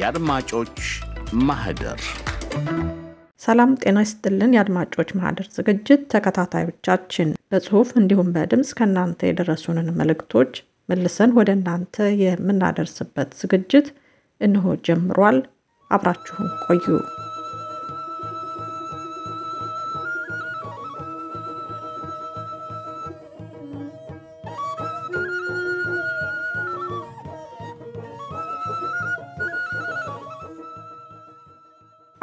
የአድማጮች ማህደር ሰላም ጤና ይስጥልን። የአድማጮች ማህደር ዝግጅት ተከታታዮቻችን በጽሁፍ እንዲሁም በድምፅ ከእናንተ የደረሱንን መልእክቶች መልሰን ወደ እናንተ የምናደርስበት ዝግጅት እንሆ ጀምሯል። አብራችሁን ቆዩ።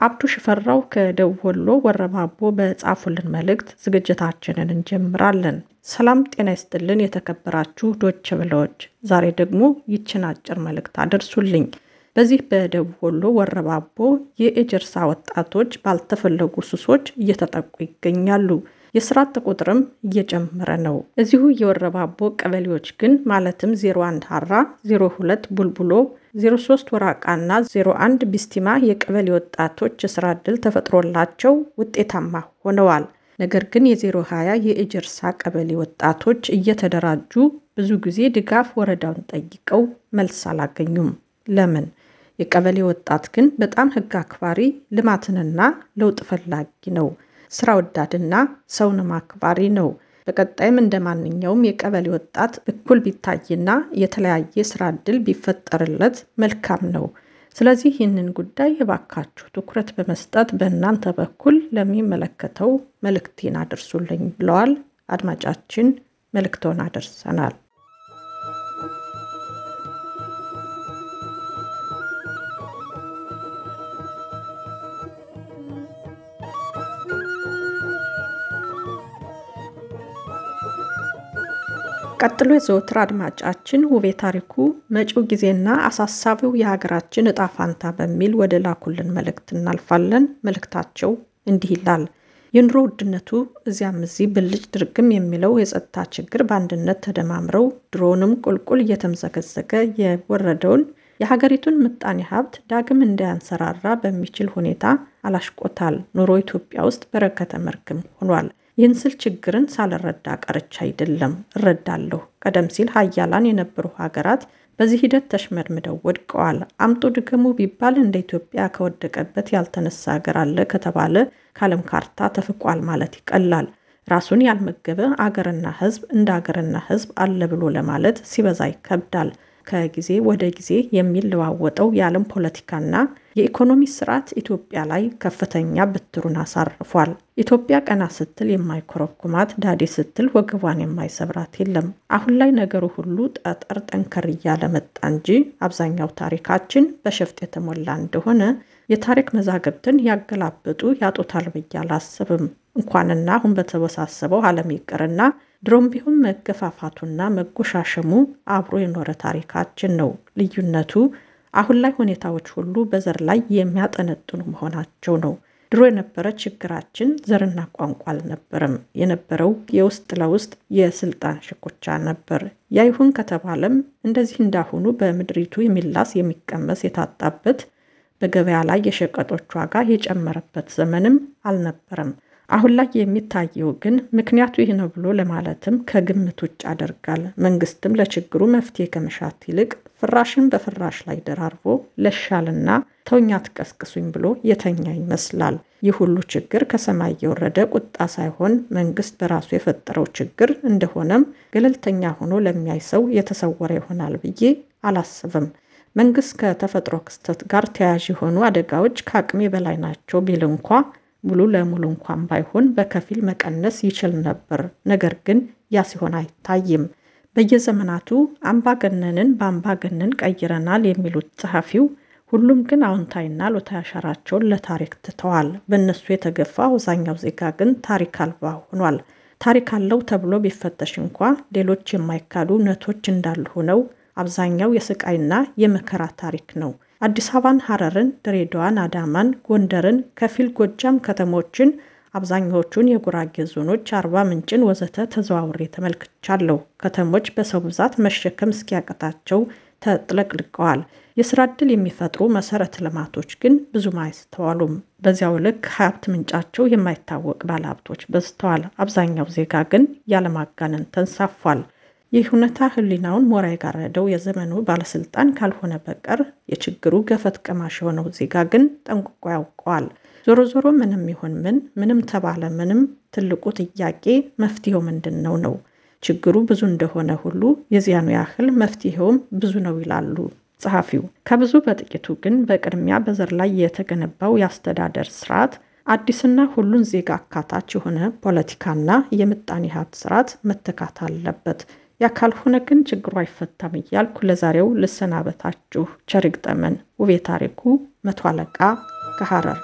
አብዱ ሽፈራው ከደቡብ ወሎ ወረባቦ በጻፉልን መልእክት ዝግጅታችንን እንጀምራለን። ሰላም ጤና ይስጥልን የተከበራችሁ ዶች ብለዎች፣ ዛሬ ደግሞ ይችን አጭር መልእክት አደርሱልኝ። በዚህ በደቡብ ወሎ ወረባቦ የኤጀርሳ ወጣቶች ባልተፈለጉ ሱሶች እየተጠቁ ይገኛሉ። የስራ አጥ ቁጥርም እየጨመረ ነው። እዚሁ የወረባቦ ቀበሌዎች ግን ማለትም 01 ሀራ፣ 02 ቡልቡሎ፣ 03 ወራቃና 01 ቢስቲማ የቀበሌ ወጣቶች የስራ እድል ተፈጥሮላቸው ውጤታማ ሆነዋል። ነገር ግን የ020 የኤጀርሳ ቀበሌ ወጣቶች እየተደራጁ ብዙ ጊዜ ድጋፍ ወረዳውን ጠይቀው መልስ አላገኙም። ለምን? የቀበሌ ወጣት ግን በጣም ህግ አክባሪ ልማትንና ለውጥ ፈላጊ ነው። ስራ ወዳድና ሰውን ማክባሪ ነው። በቀጣይም እንደ ማንኛውም የቀበሌ ወጣት እኩል ቢታይና የተለያየ ስራ እድል ቢፈጠርለት መልካም ነው። ስለዚህ ይህንን ጉዳይ የባካችሁ ትኩረት በመስጠት በእናንተ በኩል ለሚመለከተው መልእክቴን አድርሱልኝ ብለዋል። አድማጫችን መልእክቶን አደርሰናል። ቀጥሎ የዘወትር አድማጫችን ውቤ ታሪኩ መጪው ጊዜና አሳሳቢው የሀገራችን እጣ ፋንታ በሚል ወደ ላኩልን መልእክት እናልፋለን። መልእክታቸው እንዲህ ይላል። የኑሮ ውድነቱ እዚያም እዚህ ብልጭ ድርግም የሚለው የጸጥታ ችግር በአንድነት ተደማምረው ድሮንም ቁልቁል እየተምዘገዘገ የወረደውን የሀገሪቱን ምጣኔ ሀብት ዳግም እንዳያንሰራራ በሚችል ሁኔታ አላሽቆታል። ኑሮ ኢትዮጵያ ውስጥ በረከተ መርክም ሆኗል። ይህን ስል ችግርን ሳልረዳ ቀርቻ አይደለም፣ እረዳለሁ። ቀደም ሲል ሀያላን የነበሩ ሀገራት በዚህ ሂደት ተሽመድምደው ወድቀዋል። አምጦ ድገሙ ቢባል እንደ ኢትዮጵያ ከወደቀበት ያልተነሳ ሀገር አለ ከተባለ ከዓለም ካርታ ተፍቋል ማለት ይቀላል። ራሱን ያልመገበ አገርና ሕዝብ እንደ አገርና ሕዝብ አለ ብሎ ለማለት ሲበዛ ይከብዳል። ከጊዜ ወደ ጊዜ የሚለዋወጠው የዓለም ፖለቲካና የኢኮኖሚ ስርዓት ኢትዮጵያ ላይ ከፍተኛ ብትሩን አሳርፏል። ኢትዮጵያ ቀና ስትል የማይኮረኩማት ዳዴ ስትል ወገቧን የማይሰብራት የለም። አሁን ላይ ነገሩ ሁሉ ጠጠር ጠንከር እያለ መጣ እንጂ አብዛኛው ታሪካችን በሸፍጥ የተሞላ እንደሆነ የታሪክ መዛግብትን ያገላብጡ ያጦታል ብዬ አላስብም። እንኳንና አሁን በተወሳሰበው ዓለም ይቅርና ድሮም ቢሆን መገፋፋቱና መጎሻሸሙ አብሮ የኖረ ታሪካችን ነው። ልዩነቱ አሁን ላይ ሁኔታዎች ሁሉ በዘር ላይ የሚያጠነጥኑ መሆናቸው ነው። ድሮ የነበረ ችግራችን ዘርና ቋንቋ አልነበረም። የነበረው የውስጥ ለውስጥ የስልጣን ሽኩቻ ነበር። ያ ይሁን ከተባለም እንደዚህ እንዳሁኑ በምድሪቱ የሚላስ የሚቀመስ የታጣበት፣ በገበያ ላይ የሸቀጦች ዋጋ የጨመረበት ዘመንም አልነበረም። አሁን ላይ የሚታየው ግን ምክንያቱ ይህ ነው ብሎ ለማለትም ከግምት ውጭ ያደርጋል። መንግስትም ለችግሩ መፍትሄ ከመሻት ይልቅ ፍራሽን በፍራሽ ላይ ደራርቦ ለሻልና ተውኛ ትቀስቅሱኝ ብሎ የተኛ ይመስላል። ይህ ሁሉ ችግር ከሰማይ የወረደ ቁጣ ሳይሆን መንግስት በራሱ የፈጠረው ችግር እንደሆነም ገለልተኛ ሆኖ ለሚያይ ሰው የተሰወረ ይሆናል ብዬ አላስብም። መንግስት ከተፈጥሮ ክስተት ጋር ተያያዥ የሆኑ አደጋዎች ከአቅሜ በላይ ናቸው ቢል እንኳ ሙሉ ለሙሉ እንኳን ባይሆን በከፊል መቀነስ ይችል ነበር። ነገር ግን ያ ሲሆን አይታይም። በየዘመናቱ አምባገነንን በአምባገነን ቀይረናል የሚሉት ጸሐፊው፣ ሁሉም ግን አዎንታዊና ሎታ አሻራቸውን ለታሪክ ትተዋል። በእነሱ የተገፋ አብዛኛው ዜጋ ግን ታሪክ አልባ ሆኗል። ታሪክ አለው ተብሎ ቢፈተሽ እንኳ ሌሎች የማይካዱ እውነቶች እንዳሉ ሆነው አብዛኛው የስቃይና የመከራ ታሪክ ነው። አዲስ አበባን፣ ሐረርን፣ ድሬዳዋን፣ አዳማን፣ ጎንደርን፣ ከፊል ጎጃም ከተሞችን፣ አብዛኛዎቹን የጉራጌ ዞኖች፣ አርባ ምንጭን ወዘተ ተዘዋውሬ ተመልክቻለሁ። ከተሞች በሰው ብዛት መሸከም እስኪያቅታቸው ተጥለቅልቀዋል። የስራ እድል የሚፈጥሩ መሰረተ ልማቶች ግን ብዙም አይስተዋሉም። በዚያው ልክ ሀብት ምንጫቸው የማይታወቅ ባለሀብቶች በዝተዋል። አብዛኛው ዜጋ ግን ያለማጋነን ተንሳፏል። ይህ እውነታ ህሊናውን ሞራ የጋረደው የዘመኑ ባለስልጣን ካልሆነ በቀር የችግሩ ገፈት ቀማሽ የሆነው ዜጋ ግን ጠንቅቆ ያውቀዋል። ዞሮ ዞሮ ምንም ይሁን ምን፣ ምንም ተባለ ምንም፣ ትልቁ ጥያቄ መፍትሄው ምንድን ነው ነው። ችግሩ ብዙ እንደሆነ ሁሉ የዚያኑ ያህል መፍትሄውም ብዙ ነው ይላሉ ጸሐፊው። ከብዙ በጥቂቱ ግን በቅድሚያ በዘር ላይ የተገነባው የአስተዳደር ስርዓት አዲስና ሁሉን ዜጋ አካታች የሆነ ፖለቲካና የምጣኔ ሀብት ስርዓት መተካት አለበት። ያ ካልሆነ ግን ችግሩ አይፈታም እያልኩ ለዛሬው ልሰናበታችሁ። ቸር ይግጠመን። ውቤ ታሪኩ መቶ አለቃ ከሐረር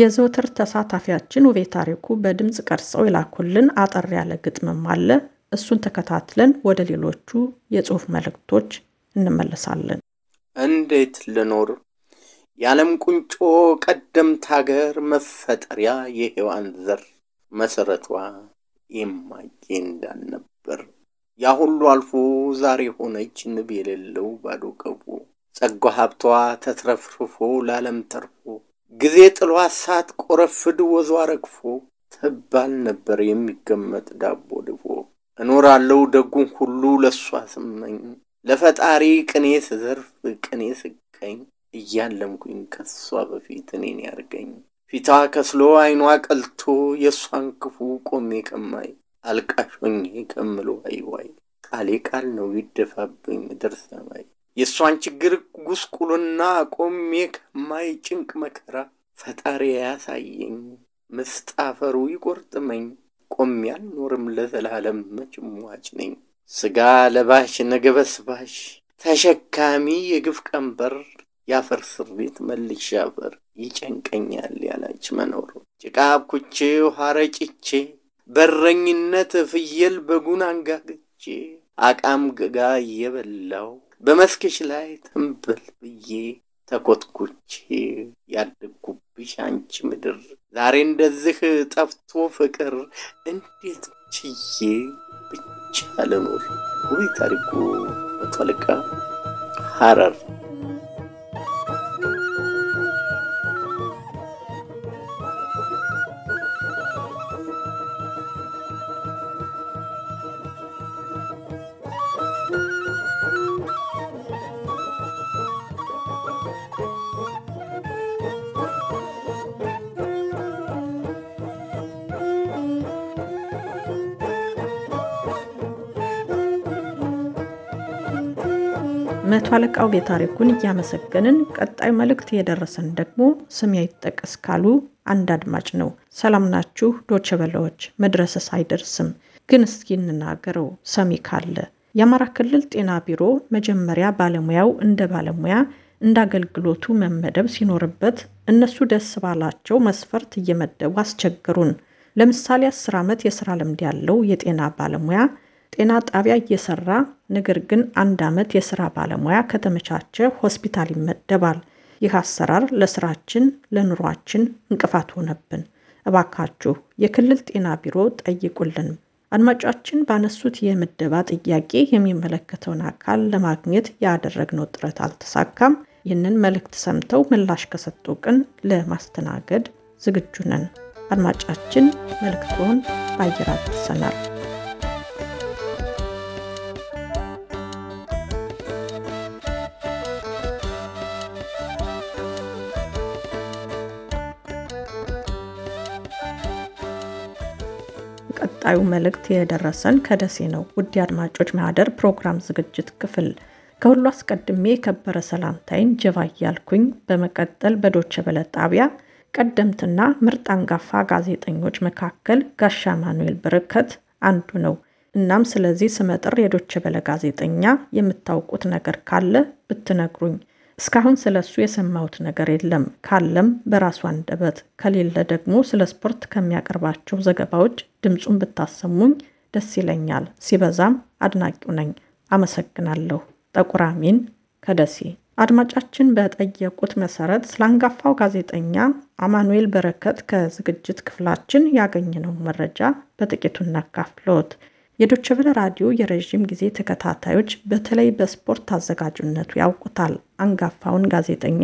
የዘወትር ተሳታፊያችን ውቤ ታሪኩ በድምፅ ቀርጸው የላኩልን አጠር ያለ ግጥምም አለ። እሱን ተከታትለን ወደ ሌሎቹ የጽሑፍ መልእክቶች እንመለሳለን። እንዴት ልኖር የዓለም ቁንጮ ቀደምት ሀገር መፈጠሪያ የሔዋን ዘር መሰረቷ የማጌ እንዳልነበር ያ ሁሉ አልፎ ዛሬ ሆነች ንብ የሌለው ባዶ ቀፎ ጸጓ ሀብቷ ተትረፍርፎ ለዓለም ተርፎ ጊዜ ጥሏ ሳት ቆረፍድ ወዟ ረግፎ ትባል ነበር የሚገመጥ ዳቦ እኖራለሁ ደጉን ሁሉ ለሷ ስመኝ ለፈጣሪ ቅኔ ስዘርፍ ቅኔ ስቀኝ እያለምኩኝ ከሷ በፊት እኔን ያርገኝ ፊቷ ከስሎ አይኗ ቀልቶ የእሷን ክፉ ቆሜ ቀማይ አልቃሾኜ ከምሎ አይዋይ ቃሌ ቃል ነው ይደፋብኝ ምድር ሰማይ የእሷን ችግር ጉስቁልና ቆሜ ከማይ ጭንቅ መከራ ፈጣሪ ያሳየኝ ምስጣፈሩ ይቆርጥመኝ ቆም ያልኖርም ለዘላለም መቼም ሟች ነኝ። ስጋ ለባሽ ባሽ፣ ተሸካሚ የግፍ ቀንበር የአፈር ቤት መልሻ በር ይጨንቀኛል ያላች መኖሩ ጭቃ አብኩቼው ሐረጭቼ በረኝነት ፍየል በጉን አንጋግቼ አቃም ግጋ እየበላው በመስክሽ ላይ ትንበል ብዬ ተኮትኩቼ ያደግኩብሽ አንቺ ምድር ዛሬ እንደዚህ ጠፍቶ ፍቅር እንዴት ችዬ ብቻ ለኖር ውይ ታሪኩ መቶ አለቃ ሐረር መቶ አለቃው ቤታሪኩን እያመሰገንን ቀጣይ መልእክት የደረሰን ደግሞ ስም ይጠቀስ ካሉ አንድ አድማጭ ነው። ሰላም ናችሁ ዶቸበላዎች፣ መድረስስ አይደርስም ግን እስኪ እንናገረው ሰሚ ካለ የአማራ ክልል ጤና ቢሮ መጀመሪያ ባለሙያው እንደ ባለሙያ እንደ አገልግሎቱ መመደብ ሲኖርበት እነሱ ደስ ባላቸው መስፈርት እየመደቡ አስቸገሩን። ለምሳሌ አስር ዓመት የስራ ልምድ ያለው የጤና ባለሙያ ጤና ጣቢያ እየሰራ ነገር ግን አንድ ዓመት የስራ ባለሙያ ከተመቻቸ ሆስፒታል ይመደባል። ይህ አሰራር ለስራችን፣ ለኑሯችን እንቅፋት ሆነብን። እባካችሁ የክልል ጤና ቢሮ ጠይቁልን። አድማጫችን ባነሱት የምደባ ጥያቄ የሚመለከተውን አካል ለማግኘት ያደረግነው ጥረት አልተሳካም። ይህንን መልእክት ሰምተው ምላሽ ከሰጡ ቀን ለማስተናገድ ዝግጁ ነን። አድማጫችን መልእክቶን በአየር አድርሰናል። ቀጣዩ መልእክት የደረሰን ከደሴ ነው። ውድ አድማጮች ማህደር ፕሮግራም ዝግጅት ክፍል ከሁሉ አስቀድሜ የከበረ ሰላምታይን ጀባ እያልኩኝ በመቀጠል በዶቸ በለ ጣቢያ ቀደምትና ምርጥ አንጋፋ ጋዜጠኞች መካከል ጋሻ ማኑኤል በረከት አንዱ ነው። እናም ስለዚህ ስመጥር የዶቸ በለ ጋዜጠኛ የምታውቁት ነገር ካለ ብትነግሩኝ እስካሁን ስለ እሱ የሰማሁት ነገር የለም። ካለም በራሱ አንደበት፣ ከሌለ ደግሞ ስለ ስፖርት ከሚያቀርባቸው ዘገባዎች ድምፁን ብታሰሙኝ ደስ ይለኛል። ሲበዛም አድናቂው ነኝ። አመሰግናለሁ። ጠቁር አሚን ከደሴ። አድማጫችን በጠየቁት መሰረት ስላንጋፋው ጋዜጠኛ አማኑኤል በረከት ከዝግጅት ክፍላችን ያገኘነው መረጃ በጥቂቱ እናካፍሎት። የዶችቨለ ራዲዮ የረዥም ጊዜ ተከታታዮች በተለይ በስፖርት አዘጋጅነቱ ያውቁታል አንጋፋውን ጋዜጠኛ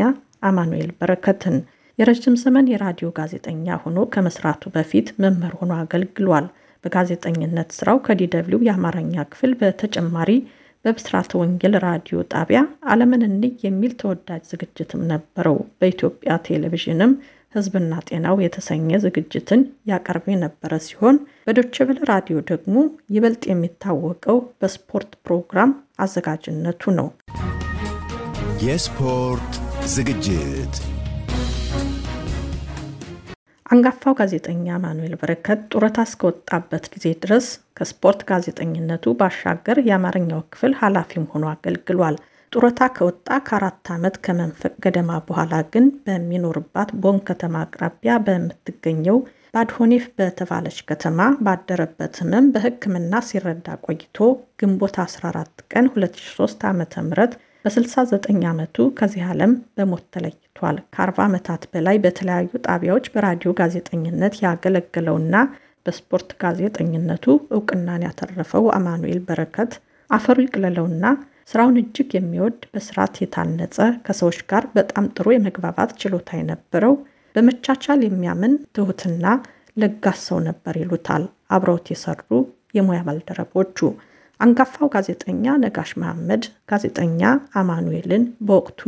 አማኑኤል በረከትን። የረዥም ዘመን የራዲዮ ጋዜጠኛ ሆኖ ከመስራቱ በፊት መምህር ሆኖ አገልግሏል። በጋዜጠኝነት ስራው ከዲደብሊው የአማርኛ ክፍል በተጨማሪ በብስራተ ወንጌል ራዲዮ ጣቢያ ዓለምን እንይ የሚል ተወዳጅ ዝግጅትም ነበረው። በኢትዮጵያ ቴሌቪዥንም ህዝብና ጤናው የተሰኘ ዝግጅትን ያቀርብ የነበረ ሲሆን በዶችብል ራዲዮ ደግሞ ይበልጥ የሚታወቀው በስፖርት ፕሮግራም አዘጋጅነቱ ነው። የስፖርት ዝግጅት አንጋፋው ጋዜጠኛ ማኑኤል በረከት ጡረታ እስከወጣበት ጊዜ ድረስ ከስፖርት ጋዜጠኝነቱ ባሻገር የአማርኛው ክፍል ኃላፊም ሆኖ አገልግሏል። ጡረታ ከወጣ ከአራት ዓመት ከመንፈቅ ገደማ በኋላ ግን በሚኖርባት ቦን ከተማ አቅራቢያ በምትገኘው ባድሆኔፍ በተባለች ከተማ ባደረበት ህመም በሕክምና ሲረዳ ቆይቶ ግንቦት 14 ቀን 2003 ዓ ም በ69 ዓመቱ ከዚህ ዓለም በሞት ተለይቷል። ከ40 ዓመታት በላይ በተለያዩ ጣቢያዎች በራዲዮ ጋዜጠኝነት ያገለገለውና በስፖርት ጋዜጠኝነቱ እውቅናን ያተረፈው አማኑኤል በረከት አፈሩ ይቅለለውና ስራውን እጅግ የሚወድ በስርዓት የታነጸ ከሰዎች ጋር በጣም ጥሩ የመግባባት ችሎታ የነበረው በመቻቻል የሚያምን ትሁትና ለጋስ ሰው ነበር ይሉታል አብረውት የሰሩ የሙያ ባልደረቦቹ። አንጋፋው ጋዜጠኛ ነጋሽ መሐመድ ጋዜጠኛ አማኑኤልን በወቅቱ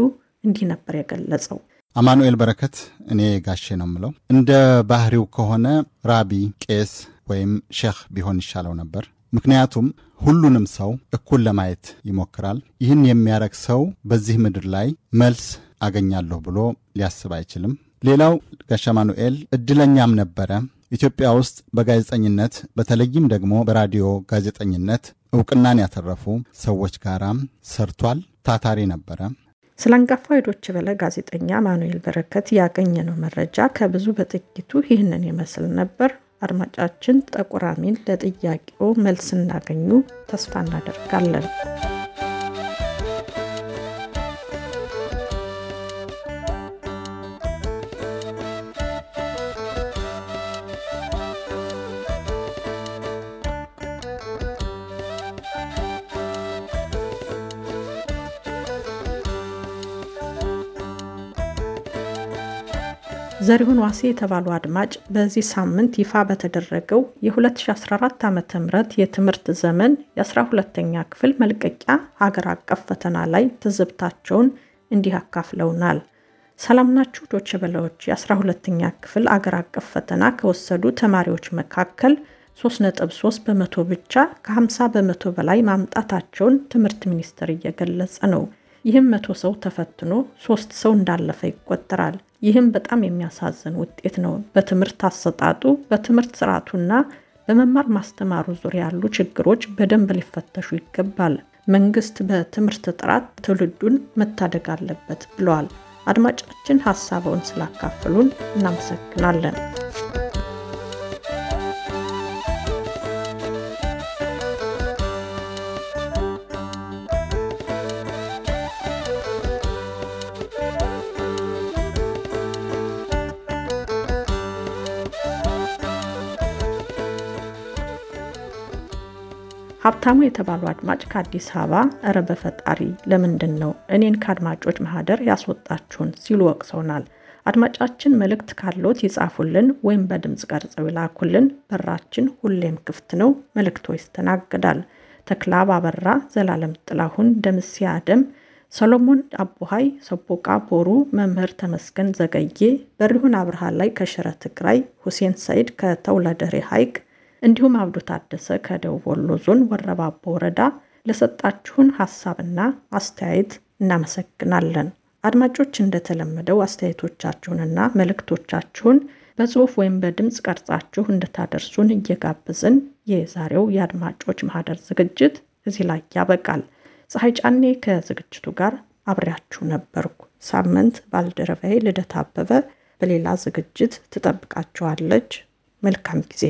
እንዲህ ነበር የገለጸው። አማኑኤል በረከት እኔ ጋሼ ነው የምለው። እንደ ባህሪው ከሆነ ራቢ ቄስ ወይም ሼህ ቢሆን ይሻለው ነበር ምክንያቱም ሁሉንም ሰው እኩል ለማየት ይሞክራል። ይህን የሚያረግ ሰው በዚህ ምድር ላይ መልስ አገኛለሁ ብሎ ሊያስብ አይችልም። ሌላው ጋሻ ማኑኤል እድለኛም ነበረ። ኢትዮጵያ ውስጥ በጋዜጠኝነት በተለይም ደግሞ በራዲዮ ጋዜጠኝነት እውቅናን ያተረፉ ሰዎች ጋራም ሰርቷል። ታታሪ ነበረ። ስለ አንጋፋ ሄዶች በለ ጋዜጠኛ ማኑኤል በረከት ያገኘነው መረጃ ከብዙ በጥቂቱ ይህንን ይመስል ነበር። አድማጫችን ጠቁራሚን ለጥያቄው መልስ እናገኙ ተስፋ እናደርጋለን። ዘሪሁን ዋሴ የተባሉ አድማጭ በዚህ ሳምንት ይፋ በተደረገው የ2014 ዓ ም የትምህርት ዘመን የ12ተኛ ክፍል መልቀቂያ ሀገር አቀፍ ፈተና ላይ ትዝብታቸውን እንዲህ አካፍለውናል። ሰላም ናችሁ ዶቼ የ የ12ተኛ ክፍል አገር አቀፍ ፈተና ከወሰዱ ተማሪዎች መካከል 3.3 በመቶ ብቻ ከ50 በመቶ በላይ ማምጣታቸውን ትምህርት ሚኒስቴር እየገለጸ ነው። ይህም መቶ ሰው ተፈትኖ ሶስት ሰው እንዳለፈ ይቆጠራል። ይህም በጣም የሚያሳዝን ውጤት ነው። በትምህርት አሰጣጡ፣ በትምህርት ስርዓቱና በመማር ማስተማሩ ዙሪያ ያሉ ችግሮች በደንብ ሊፈተሹ ይገባል። መንግስት በትምህርት ጥራት ትውልዱን መታደግ አለበት ብለዋል። አድማጫችን ሀሳበውን ስላካፈሉን እናመሰግናለን። ሀብታሙ የተባሉ አድማጭ ከአዲስ አበባ እረ በፈጣሪ ለምንድን ነው እኔን ከአድማጮች ማህደር ያስወጣችሁን ሲሉ ወቅሰውናል። አድማጫችን መልእክት ካሎት ይጻፉልን ወይም በድምፅ ቀርጸው ይላኩልን። በራችን ሁሌም ክፍት ነው፣ መልእክቶ ይስተናግዳል። ተክላ ባበራ፣ ዘላለም ጥላሁን፣ ደምሴ አደም፣ ሰሎሞን አቦሃይ፣ ሰቦቃ ቦሩ፣ መምህር ተመስገን ዘገዬ፣ በሪሁን አብርሃ ላይ ከሽረ ትግራይ፣ ሁሴን ሰይድ ከተውለደሬ ሐይቅ እንዲሁም አብዱ ታደሰ ከደቡብ ወሎ ዞን ወረባቦ ወረዳ ለሰጣችሁን ሀሳብና አስተያየት እናመሰግናለን። አድማጮች እንደተለመደው አስተያየቶቻችሁንና መልእክቶቻችሁን በጽሁፍ ወይም በድምፅ ቀርጻችሁ እንድታደርሱን እየጋበዝን የዛሬው የአድማጮች ማህደር ዝግጅት እዚህ ላይ ያበቃል። ፀሐይ ጫኔ ከዝግጅቱ ጋር አብሬያችሁ ነበርኩ። ሳምንት ባልደረባዬ ልደት አበበ በሌላ ዝግጅት ትጠብቃችኋለች። መልካም ጊዜ